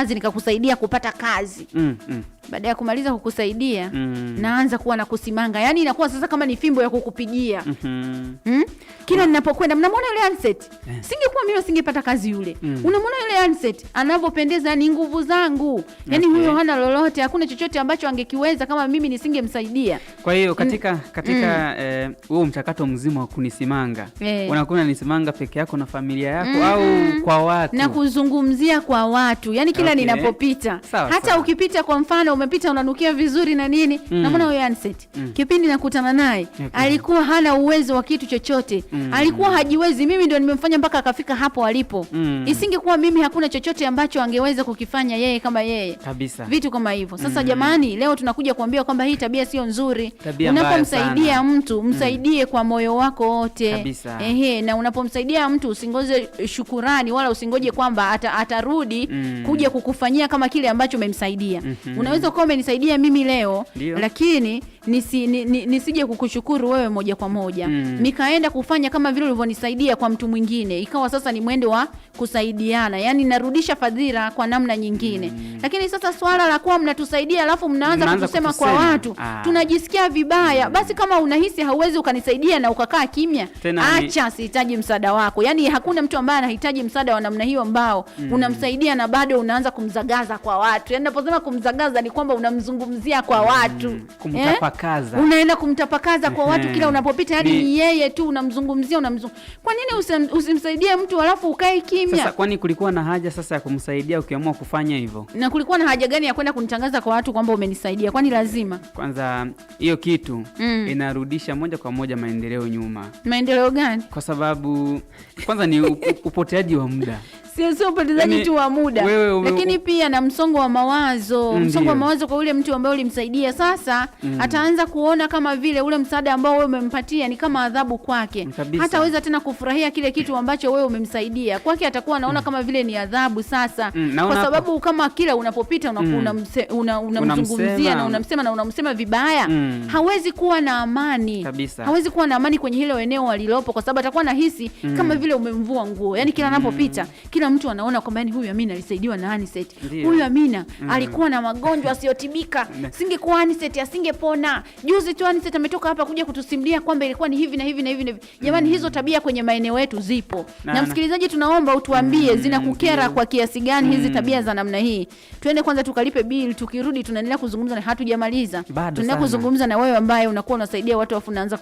kazi nikakusaidia kupata kazi mm, mm baada ya kumaliza kukusaidia mm. naanza kuwa na kusimanga, yani inakuwa sasa kama ni fimbo ya kukupigia mhm. hmm? mm -hmm. mm? kila ninapokwenda mnamwona yule Handset yeah. Singekuwa mimi singepata kazi yule mm. Unamwona yule Handset anavyopendeza, ni nguvu zangu yani okay. Huyo hana lolote, hakuna chochote ambacho angekiweza kama mimi nisingemsaidia. Kwa hiyo mm. katika katika huo mm. eh, mchakato mzima wa kunisimanga yeah. unakuwa unanisimanga peke yako na familia yako mm. au kwa watu na kuzungumzia kwa watu, yani kila okay. ninapopita hata sawa. Ukipita kwa mfano umepita unanukia vizuri na nini mm. na huyo Anseti mm. kipindi nakutana naye okay. alikuwa hana uwezo wa kitu chochote mm. alikuwa hajiwezi, mimi ndio nimemfanya mpaka akafika hapo alipo mm. isingekuwa mimi, hakuna chochote ambacho angeweza kukifanya yeye kama yeye kabisa, vitu kama hivyo sasa. mm. Jamani, leo tunakuja kuambia kwamba hii tabia sio nzuri. Unapomsaidia mtu msaidie mm. kwa moyo wako wote, ehe, na unapomsaidia mtu usingoze shukurani wala usingoje kwamba atarudi ata mm. kuja kukufanyia kama kile ambacho umemsaidia mm -hmm. unaweza unaweza umenisaidia mimi leo Dio. lakini nisije ni, ni, nisi kukushukuru wewe moja kwa moja mm. nikaenda kufanya kama vile ulivyonisaidia kwa mtu mwingine, ikawa sasa ni mwendo wa kusaidiana, yani narudisha fadhila kwa namna nyingine mm. Lakini sasa swala la kuwa mnatusaidia alafu mnaanza kusema kutusema kwa watu ah. tunajisikia vibaya mm. Basi kama unahisi hauwezi ukanisaidia na ukakaa kimya, acha, ni... sihitaji msaada wako. Yani hakuna mtu ambaye anahitaji msaada wa namna hiyo ambao mm. unamsaidia na bado unaanza kumzagaza kwa watu, yani naposema kumzagaza ni ni kwamba unamzungumzia kwa mm, watu mm, kumtapakaza eh? Unaenda kumtapakaza kwa watu kila unapopita, yani ni yeye tu unamzungumzia unamzung... kwa nini usimsaidie mtu alafu ukae kimya? Sasa kwani kulikuwa na haja sasa ya kumsaidia ukiamua kufanya hivyo? Na kulikuwa na haja gani ya kwenda kunitangaza kwa watu kwamba umenisaidia? Kwani lazima kwanza hiyo kitu mm, inarudisha moja kwa moja maendeleo nyuma. Maendeleo gani? Kwa sababu kwanza ni upoteaji wa muda sio sio upotezaji yaani tu wa muda wewe, wewe, lakini pia na msongo wa mawazo mm, Msongo wa mawazo kwa ule mtu ambaye ulimsaidia sasa mm. Ataanza kuona kama vile ule msaada ambao wewe umempatia ni kama adhabu kwake, hataweza tena kufurahia kile kitu ambacho wewe umemsaidia. Kwake atakuwa anaona mm. kama vile ni adhabu sasa mm. Kwa sababu hapa. Kama kila unapopita mm. unamzungumzia mm. una, una, una una na unamsema na unamsema vibaya mm. Hawezi kuwa na amani kabisa. Hawezi kuwa na amani kwenye hilo eneo alilopo, kwa sababu atakuwa anahisi mm. kama vile umemvua nguo, yani kila anapopita mm. kila mtu anaona kwamba yani huyu Amina alisaidiwa na Aniset. Huyu Amina mm. alikuwa na magonjwa asiyotibika. Singekuwa Aniset asingepona. Juzi tu Aniset ametoka hapa kuja kutusimulia kwamba ilikuwa ni hivi na hivi na hivi na hivi. Jamani mm. hizo tabia kwenye maeneo yetu zipo. Na, na msikilizaji tunaomba utuambie mm. zinakukera mm. kwa kiasi gani mm. hizi tabia za namna hii. Twende kwanza tukalipe bill, tukirudi tunaendelea kuzungumza na hatujamaliza. Tunaendelea kuzungumza na wewe ambaye unakuwa unasaidia watu afu unaanza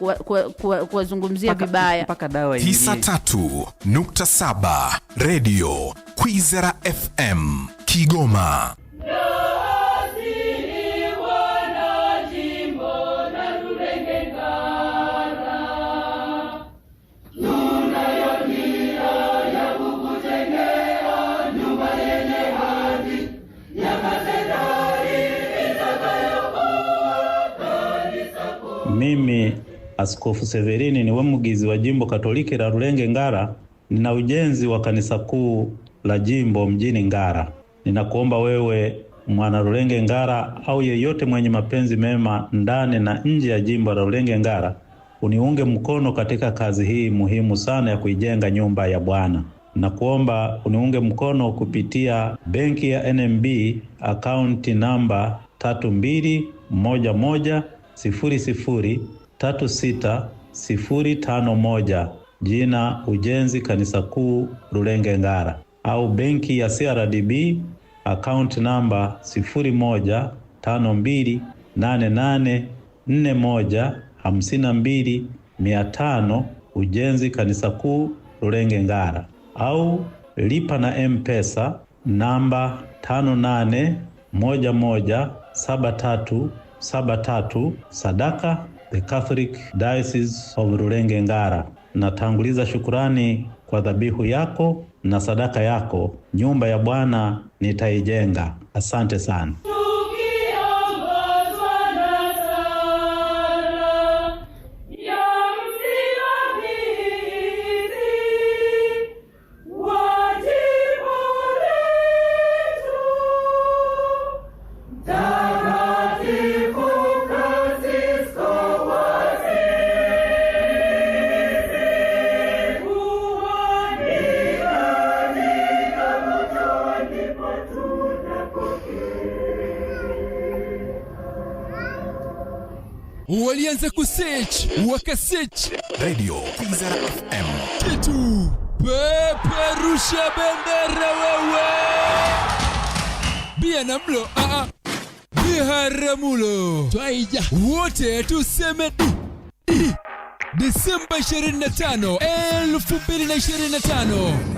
kuwazungumzia vibaya. Mpaka dawa hii. 93.7 Radio Kwizera FM, Kigoma. Mimi Askofu Severini ni we mugizi wa jimbo Katoliki la Rulenge Ngara na ujenzi wa kanisa kuu la jimbo mjini Ngara. Ninakuomba wewe mwana Rulenge Ngara au yeyote mwenye mapenzi mema ndani na nje ya jimbo la Rulenge Ngara uniunge mkono katika kazi hii muhimu sana ya kuijenga nyumba ya Bwana. Nakuomba uniunge mkono kupitia benki ya NMB akaunti namba 3211003605 moja jina Ujenzi Kanisa Kuu Rulenge Ngara, au benki ya CRDB akaunti namba 0152884152 Ujenzi Kanisa Kuu Rulenge Ngara, au lipa na Mpesa namba moja moja saba saba tatu tatu sadaka the Catholic Diocese of Rulenge Ngara natanguliza shukurani kwa dhabihu yako na sadaka yako, nyumba ya Bwana nitaijenga. Asante sana. walianza kusearch wakasearch Radio Kwizera FM kitu peperusha bendera wewe bia na mlo aa ah, ah. Biharamulo twaija wote tuseme di, di. Desemba 25 2025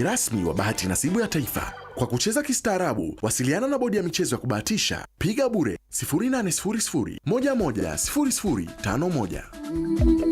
mchezaji rasmi wa bahati nasibu ya taifa. Kwa kucheza kistaarabu, wasiliana na bodi ya michezo ya kubahatisha, piga bure 0800 11 00 51.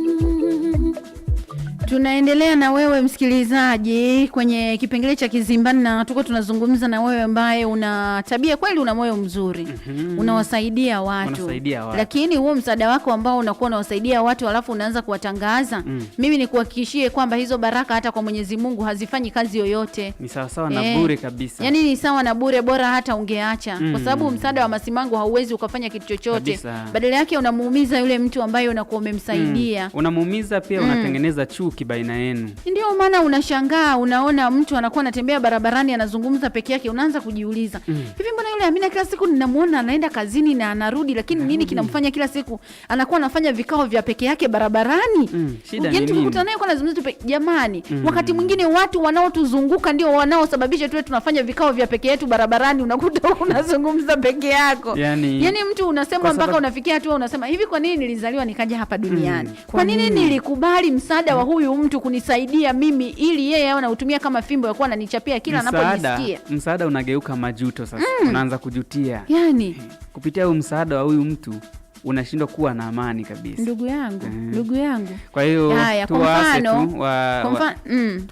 Tunaendelea na wewe msikilizaji kwenye kipengele cha Kizimbani, na tuko tunazungumza na wewe ambaye una tabia kweli, una moyo mzuri mm -hmm. unawasaidia watu. watu lakini huo msaada wako ambao unakuwa unawasaidia watu alafu unaanza kuwatangaza mm. Mimi nikuhakikishie kwamba hizo baraka hata kwa Mwenyezi Mungu hazifanyi kazi yoyote, ni sawa sawa na eh. bure kabisa. Yani ni sawa na bure, bora hata ungeacha mm. kwa sababu msaada wa masimango hauwezi ukafanya kitu chochote, badala yake unamuumiza yule mtu ambaye unakuwa umemsaidia mm. unamuumiza pia mm. unatengeneza chuki urafiki baina yenu. Ndio maana unashangaa, unaona mtu anakuwa anatembea barabarani anazungumza peke yake, unaanza kujiuliza mm. hivi mbona yule Amina kila siku ninamuona anaenda kazini na anarudi, lakini nini kinamfanya kila siku anakuwa anafanya vikao vya peke yake barabarani? mm. Yaani naye kwa nazungumza tu jamani. mm. wakati mwingine watu wanaotuzunguka ndio wanaosababisha tuwe tunafanya vikao vya peke yetu barabarani, unakuta unazungumza peke yako yani, yani mtu unasema mpaka unafikia hatua unasema hivi, kwa nini nilizaliwa nikaja hapa duniani? mm. kwa nini nilikubali msaada mm. wa huyu huyu mtu kunisaidia mimi, ili yeye awe anautumia kama fimbo ya kuwa ananichapia kila anaponisikia. Msaada unageuka majuto sasa, mm. unaanza kujutia yani. kupitia huyu msaada wa huyu mtu unashindwa kuwa na amani kabisa, ndugu yangu, eh. ndugu yangu. Kwa hiyo tuwaase tu, wa, wa, mm.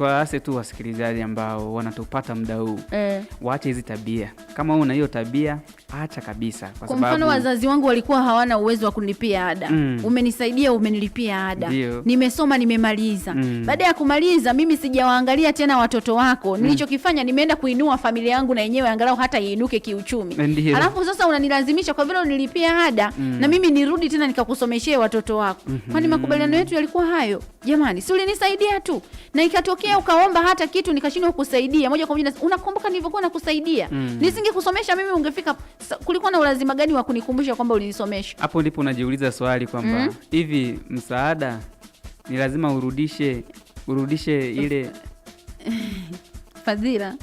tu wasikilizaji ambao wanatupata muda huu eh, waache hizi tabia. Kama una hiyo tabia acha kabisa, kwa sababu mfano wazazi wangu walikuwa hawana uwezo wa kunilipia ada mm. Umenisaidia, umenilipia ada, nimesoma, nimemaliza mm. Baada ya kumaliza mimi sijawaangalia tena watoto wako mm. Nilichokifanya nimeenda kuinua familia yangu na yenyewe angalau hata iinuke kiuchumi, alafu sasa unanilazimisha kwa vile unilipia ada mm. na mimi nirudi tena nikakusomeshee watoto wako mm -hmm. Kwani makubaliano yetu yalikuwa hayo? Jamani, si ulinisaidia tu, na ikatokea ukaomba hata kitu nikashindwa kukusaidia moja kwa moja. Unakumbuka nilivyokuwa nakusaidia? mm. hmm Nisingekusomesha mimi, ungefika? Kulikuwa na ulazima gani wa kunikumbusha kwamba ulinisomesha? Hapo ndipo unajiuliza swali kwamba mm-hmm. hivi mm. msaada ni lazima urudishe, urudishe ile fadhila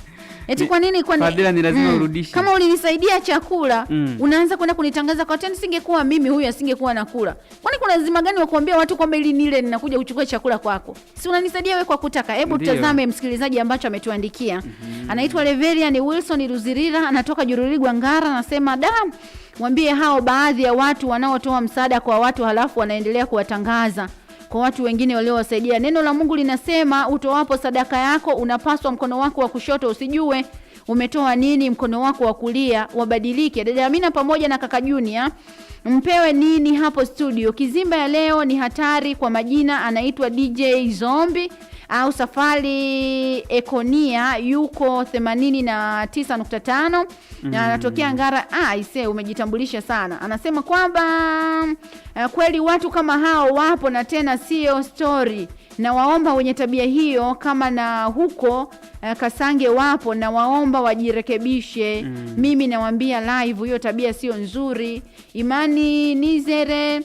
Eti kwa nini kwa nini? Fadhila ni lazima mm, urudishe. Kama ulinisaidia chakula, mm, unaanza kwenda kunitangaza kwa tena singekuwa mimi huyu asingekuwa nakula. Kwani kuna lazima gani wa kuambia watu kwamba ili nile ninakuja kuchukua chakula kwako? Si unanisaidia wewe kwa kutaka. Hebu tutazame msikilizaji ambacho ametuandikia. Mm -hmm. Anaitwa Leverian Wilson Ruzirira, anatoka Jururigwa Ngara, anasema da mwambie hao baadhi ya watu wanaotoa msaada kwa watu halafu wanaendelea kuwatangaza kwa watu wengine waliowasaidia. Neno la Mungu linasema utoapo sadaka yako unapaswa mkono wako wa kushoto usijue umetoa nini, mkono wako wa kulia wabadilike. Dada Amina pamoja na kaka Junior mpewe nini hapo studio. Kizimba ya leo ni hatari kwa majina, anaitwa DJ Zombi au Safari Ekonia yuko 89.5 na mm. anatokea mm. Ngara. Ah, ise umejitambulisha sana. Anasema kwamba uh, kweli watu kama hao wapo na tena sio story na waomba wenye tabia hiyo kama na huko uh, Kasange wapo na waomba wajirekebishe. mm. Mimi nawaambia live, hiyo tabia sio nzuri. Imani Nizere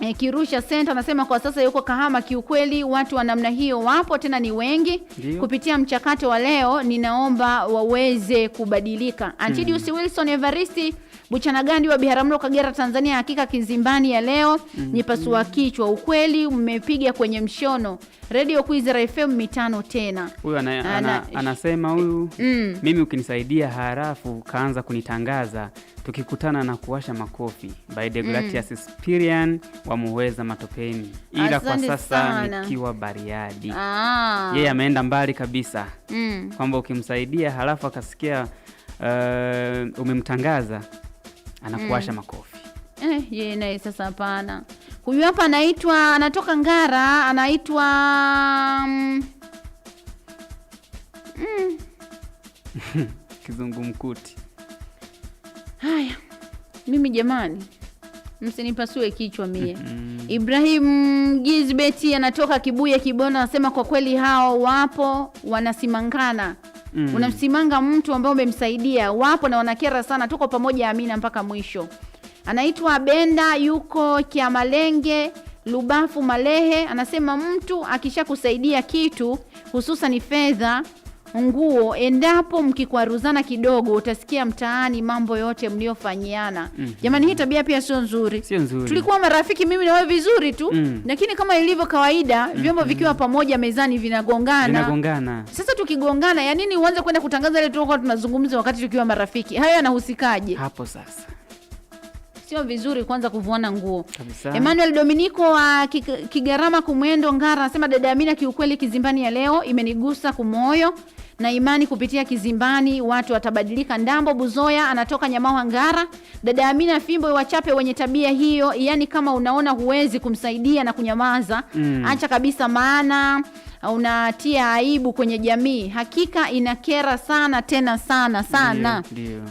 E, Kirusha Center anasema kwa sasa yuko Kahama. Kiukweli watu wa namna hiyo wapo tena ni wengi. Ndiyo. Kupitia mchakato wa leo ninaomba waweze kubadilika. Antidius mm. Wilson Evaristi Buchana Gandi wa Biharamulo, Kagera, Tanzania, hakika kizimbani ya leo mm -hmm. Nyepasua kichwa, ukweli umepiga kwenye mshono. Radio Kwizera FM mitano tena. Huyu ana, ana, ana, anasema huyu mm. Mimi ukinisaidia harafu kaanza kunitangaza tukikutana na kuwasha makofi by gracious mm. Spirian wa muweza Matopeni, ila kwa sasa nikiwa Bariadi. Ah. Yeye ameenda mbali kabisa mm. kwamba ukimsaidia halafu akasikia uh, umemtangaza anakuwasha mm. makofi eh, ye naye sasa hapana. Huyu hapa anaitwa anatoka Ngara, anaitwa mm. mm. Kizungumkuti. Haya, mimi jamani, msinipasue kichwa mie. Ibrahim Gizbeti anatoka Kibuya Kibona, anasema kwa kweli hao wapo wanasimangana mm. Unamsimanga mtu ambaye umemsaidia. Wapo na wanakera sana, tuko pamoja Amina mpaka mwisho. Anaitwa Benda, yuko Kiamalenge Lubafu Malehe, anasema mtu akishakusaidia kitu hususan fedha nguo, endapo mkikwaruzana kidogo, utasikia mtaani mambo yote mliofanyiana. mm. Jamani, hii tabia pia sio nzuri, sio nzuri. Tulikuwa marafiki mimi na wewe vizuri tu, mm. lakini kama ilivyo kawaida mm. vyombo mm-hmm. vikiwa pamoja mezani vinagongana, vinagongana. Sasa tukigongana, ya nini uanze kwenda kutangaza ile tulikuwa tunazungumza wakati tukiwa marafiki? Hayo yanahusikaje hapo sasa? Sio vizuri kwanza kuvuana nguo. Emmanuel Dominico wa Kigarama Kumwendo Ngara anasema dada Amina, kiukweli kizimbani ya leo imenigusa kumoyo na imani kupitia Kizimbani, watu watabadilika. Ndambo Buzoya anatoka nyamawa Ngara. Dada Amina Fimbo, wachape wenye tabia hiyo, yaani kama unaona huwezi kumsaidia na kunyamaza, mm. acha kabisa, maana unatia aibu kwenye jamii. Hakika inakera sana tena sana sana.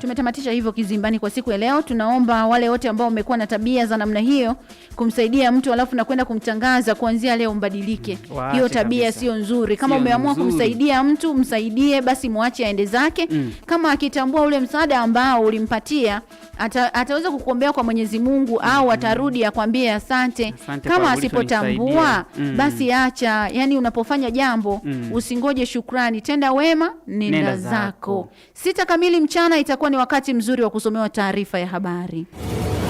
Tumetamatisha hivyo kizimbani kwa siku ya leo. Tunaomba wale wote ambao wamekuwa na tabia za namna hiyo kumsaidia mtu alafu na kwenda kumtangaza kuanzia leo mbadilike. Mm, waache hiyo tabia sio nzuri. Kama umeamua kumsaidia mtu, msaidie basi, muache aende zake mm. Kama akitambua ule msaada ambao ulimpatia ata, ataweza kukuombea kwa Mwenyezi Mungu mm. au mm-hmm. atarudi akwambie Asante. Kama asipotambua mm. basi acha, yani unapofanya unapofanya jambo mm. usingoje shukrani, tenda wema nenda, nenda zako. Zako sita kamili mchana itakuwa ni wakati mzuri wa kusomewa taarifa ya habari.